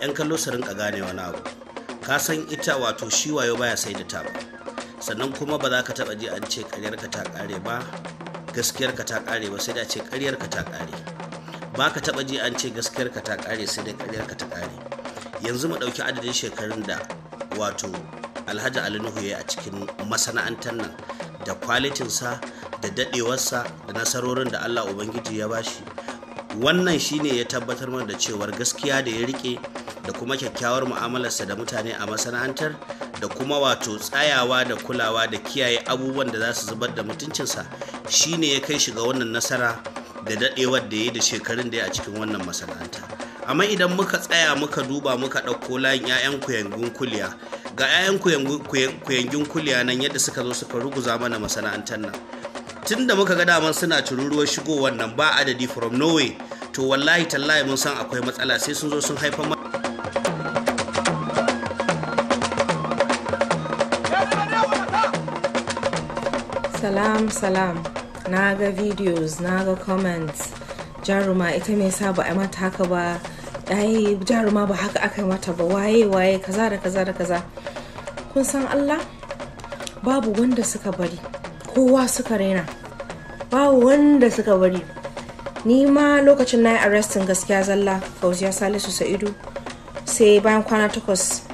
'yan kallo su rinka gane wani abu ka san ita wato shi wayo baya sai da ta sannan kuma ba za ka taba ji an ce karyarka ta kare ba gaskiyarka ta kare ba sai da ce karyarka ta kare ba ka taba ji an ce gaskiyarka ta kare sai da karyarka ta kare yanzu mu ɗauki adadin shekarun da wato alhaji ali nuhu ya a cikin masana'antar nan da kwalitinsa da daɗewarsa da nasarorin da allah ubangiji ya bashi wannan shine ya tabbatar mana da cewar gaskiya da ya rike da kuma kyakkyawar mu'amalarsa da mutane a masana'antar da kuma wato tsayawa da kulawa da kiyaye abubuwan da za su zubar da mutuncinsa shi ne ya kai shi ga wannan nasara da daɗewar da ya da shekarun da ya a cikin wannan masana'anta amma idan muka tsaya muka duba muka ɗauko layin 'ya'yan kuyangun kuliya ga 'ya'yan kuyangun kuliya nan yadda suka zo suka ruguza mana masana'antar nan tun da muka ga daman suna cururuwar shigo wannan ba adadi from norway to wallahi tallahi mun san akwai matsala sai sun zo sun haifar salam salam na ga videos na ga comments jaruma ita mai sa ba a mata haka ba ai jaruma ba haka aka mata ba waye waye kaza da kaza da kaza kun san allah babu wanda suka bari kowa suka raina ba wanda suka bari ni ma lokacin na yi arrestin gaskiya zalla fauziya salisu sa'idu sai bayan kwana takwas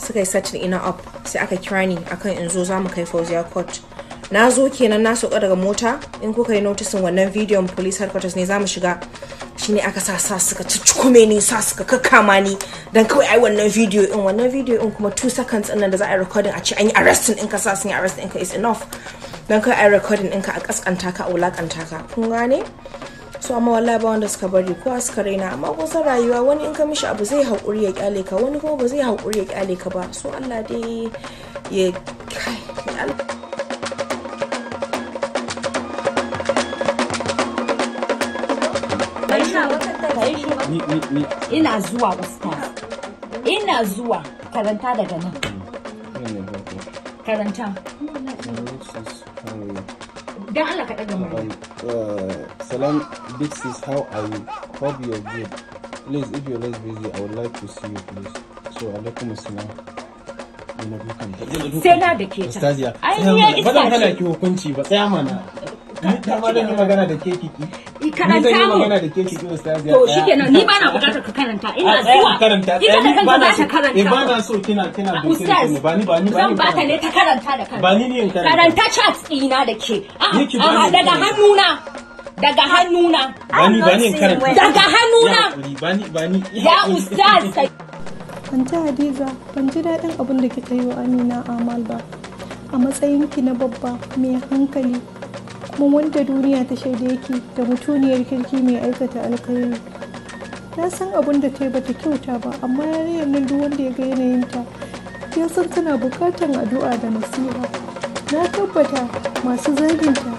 suka yi satin ina up sai aka kira ni akan in zo za mu kai fauziya court na zo kenan na soka daga mota in kuka yi notisin wannan vidiyon police headquarters ne za mu shiga ne aka sa sa suka ciccikume ni sa suka kakkama ni dan kawai ai wannan video in wannan video in kuma 2 seconds din da za a yi recording a ce an yi arresting in ka sa sun yi arresting in ka is enough don kawai ai recording in ka a kaskanta ka a wulakanta ka kun gane amma wallahi ba wanda suka bari ko suka raina amma kusan rayuwa wani in ka mishi abu zai haƙuri ya ƙyale ka wani kuma ba zai haƙuri ya kyale ka ba so Allah dai ya kai ina zuwa ustaz ina zuwa karanta daga nan karanta dan Allah ka daga murya uh, salam big sis how are you hope you are good please if you're less busy i would like to see you please so alaikum assalam sai na da ke ta ai ni ya iska ba zan hana ki hukunci ba tsaya mana Dama magana da ke kiki. Karanta mu. magana da ke kiki ustaziya. To shi kenan ni bana bukatar ka karanta ina zuwa. Karanta ita da kanka za ta karanta. Eh bana so kina kina ba ni ba ni ba. Zan ne ta karanta da kanka. Ba ni ne in karanta. Karanta chat ɗina da ke. a daga hannuna. daga hannuna. karanta. Daga hannuna. Bani bani. Ya ustaz. Kanta Hadiza, ban ji daɗin abin da kika yi wa Amina Amal ba. A matsayinki na babba mai hankali kuma wanda duniya ta shaida yake da mutuniyar kirki mai aikata alkhairi na san abin da ta yi bata kyauta ba amma yanayin nan duk wanda ya ga yanayinta ya san tana bukatar addu'a da nasiha na tabbata masu zaginta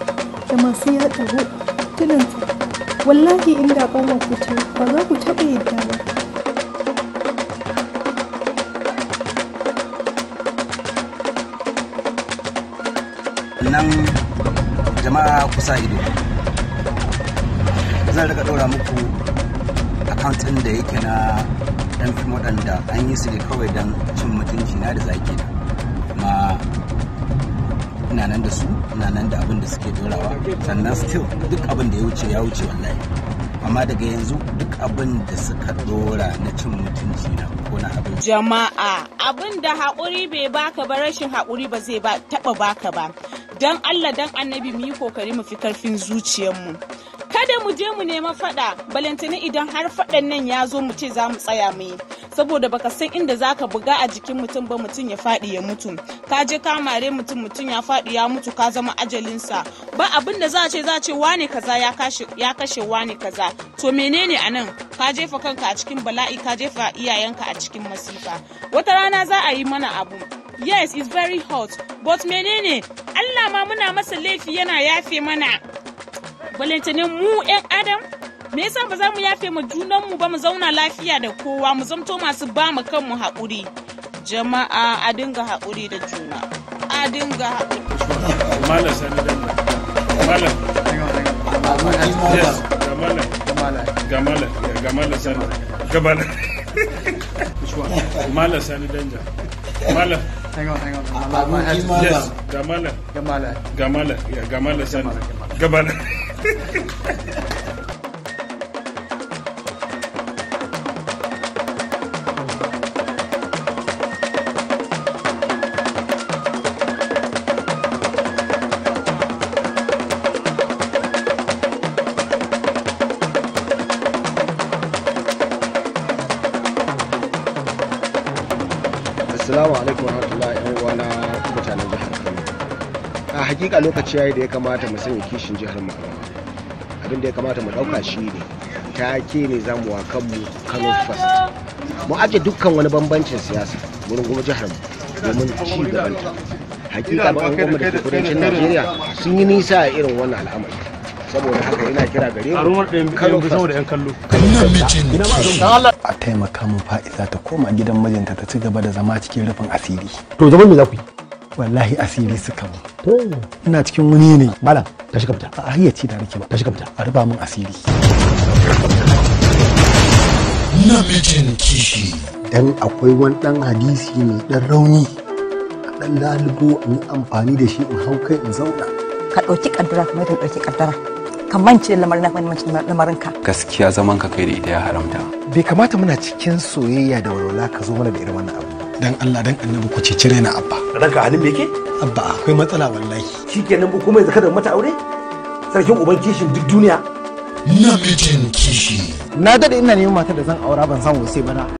da masu yaɗa tunanta wallahi inda ƙanwar ku ce ba za ku taɓa yadda ba nan jama'a kusa ido zan rika ɗora muku account da yake na ɗan fim waɗanda an yi su ne kawai don cin mutunci na da zaki na ina nan da su ina nan da abin da suke dorawa sannan still duk abin da ya wuce ya wuce wallahi amma daga yanzu duk abin da suka dora na cin mutunci na ko na abin jama'a abin da haƙuri bai baka ba rashin haƙuri ba zai ba taɓa baka ba Don Allah don annabi mu yi kokari mu fi karfin zuciyarmu kada mu je mu nema faɗa, balantini idan har fadan nan ya zo mu ce za mu tsaya mu yi saboda baka san inda za ka buga a jikin mutum ba mutum ya faɗi ya mutu ka je ka mare mutum mutum ya faɗi ya mutu ka zama ajalinsa ba abin da za ce za ce wane kaza ya kashe wane kaza to menene a nan ka jefa kanka a cikin bala'i ka jefa iyayenka a cikin masifa wata rana za a yi mana abu yes it's very hot but menene Allah ma muna masa laifi yana yafe mana balantane mu 'yan adam me yasa ba za mu yafe ma junanmu ba mu zauna lafiya da kowa mu zamto masu ba mu kanmu haƙuri jama'a a dinga haƙuri da juna a dinga haƙuri malam sani malam malam malam sani danja malam Hang on, hang on. My, my Gamala. Yes. Gamala. Gamala. Gamala. Yeah, Gamala. Gamala. Gamala. Gamala. assalamu alaikum wa rahmatullahi wa na mutanen jihar kano a hakika lokaci yayi da ya kamata mu sanya kishin jihar mu abin da ya kamata mu dauka shi ne take ne zamu mu wa kanmu kano first mu aje dukkan wani bambancin siyasa gurin kuma jihar mu domin ci gabanta hakika ba an gwamnati kudancin najeriya sun yi nisa a irin wannan al'amari saboda haka ina kira gare mu kallo saboda yan kallo mijin a taimaka mu fa'iza ta koma gidan mijinta ta ci gaba da zama cikin rufin asiri to zaman me za ku yi wallahi asiri suka mu ina cikin wani ne malam tashi ka fita a ci da nake ba tashi ka fita a ruba min asiri namijin kishi dan akwai wani dan hadisi mai dan rauni a dan lalubo in amfani da shi in hau kai in zauna ka ɗauki kaddara kamar ka ɗauki kaddara ka mance lamarin ka gaskiya zaman ka kai da ita ya haramta bai kamata muna cikin soyayya da walwala ka zo mana da irin wannan abu dan Allah dan annabi ku cece na abba ka halin me yake abba akwai matsala wallahi shikenan ku kuma zaka da mata aure sarkin uban kishin duk duniya na mijin kishi na dade ina neman matar da zan aura ban san ba bana